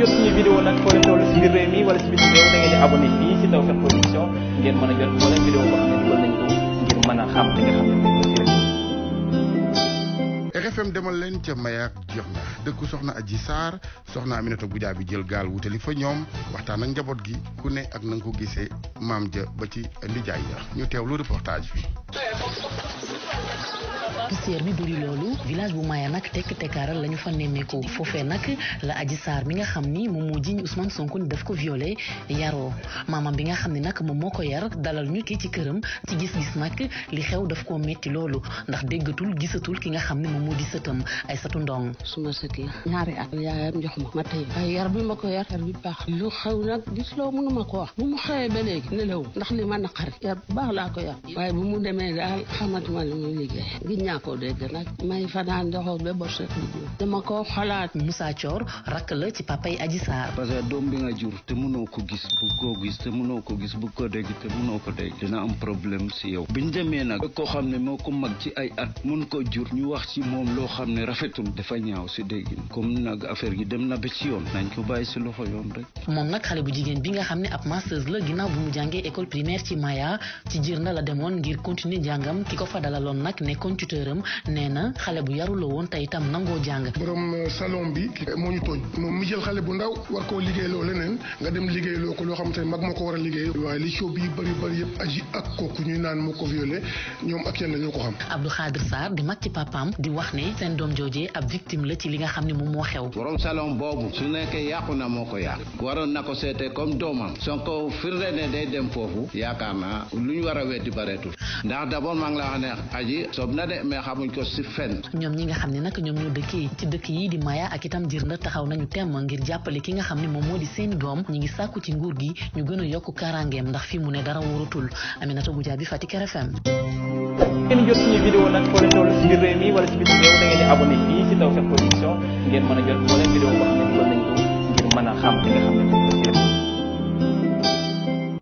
jot suñu vidéo nag foo leen toll si biir réew mi wala si biir réew da ngeen di abonné fii si Tawfekh Production ngeen mën a jot moo leen vidéo boo xam fm demal leen ca mayaak jox na dëkku soxna aji saar soxna aminata gujaa bi jël gaal wutali fa ñoom waxtaan ak njaboot gi ku ne ak na nga gisee maam ja ba ci ndijaay ya ñu teewlu reportage bi poussière bi bëri loolu village bu Maya nag tekk tekkaaral la ñu fa nemmeeku foofee nag la aji saar bi nga xam ni moom moo jiñ Ousmane Sonko ni daf ko violé yaroo maamam bi nga xam ni nag moom moo ko yar dalal ñu kii ci këram ci gis-gis nag li xew daf ko metti loolu ndax déggatul gisatul ki nga xam ne moom moo sëtam ay sëtu ndong suma sët la ñaari at yaayam jox ma ma tey ay yar bi ma ko yar yar bi baax lu xew nag gis loo mënu ma ko wax bu mu xewee ba léegi nelaw ndax li ma naqari yar baax laa ko yar waaye bu mu demee daal xamatuma li muy liggéey gis ñaa koo dégg nag may fanaan ndoxoo ba bor set dama ko xalaat Moussa Thior rakk la ci papay Adji Sarr parce que doom bi nga jur te noo ko gis bu ko gis te mënoo ko gis bu ko dégg te mënoo ko dégg dina am problème si yow biñ demee nag koo xam ne moo ko loo xam ne rafetul dafa ñaaw si déggin comme nag affaire gi dem na ba ci yoon nañ ko bàyyi si loxo yoon rek. moom nag xale bu jigéen bi nga xam ne ab masteuse la ginnaaw bu mu jàngee école primaire ci Maya ci Jirnda la ko fa euh, mu jël xale bu ndaw war koo loo xam te mag moo ko war a liggéey waaye li coow bi bëri bëri yëpp aji di mag ci papaam di wax ne ne seen doom joojee ab victime la ci li nga xam ne moom moo xew borom salon boobu su nekkee yàqu na moo ko yàq waroon na ko seete comme doomam Sonko firnde ne day dem foofu yaakaar na lu ñu war a weddi bareetul ndax d'abord maa ngi la wax ne aji soob na de mais xamuñ ko si fenn ñoom ñi nga xam ne nag ñoom ñoo dëkkee ci dëkk yii di Maya ak itam Jirnda taxaw nañu temm ngir jàppale ki nga xam ne moom moo di seen doom ñi ngi sàkku ci nguur gi ñu gën a yokk karangeem ndax fi mu ne dara wóorutul Aminata Goudiaby Fatick RFM ngeen jot suñu vidéo da ngeen di abonné fii ci Tawfekh Production ngeen mën a jot moo leen vidéo boo xam ne dugal nañ ko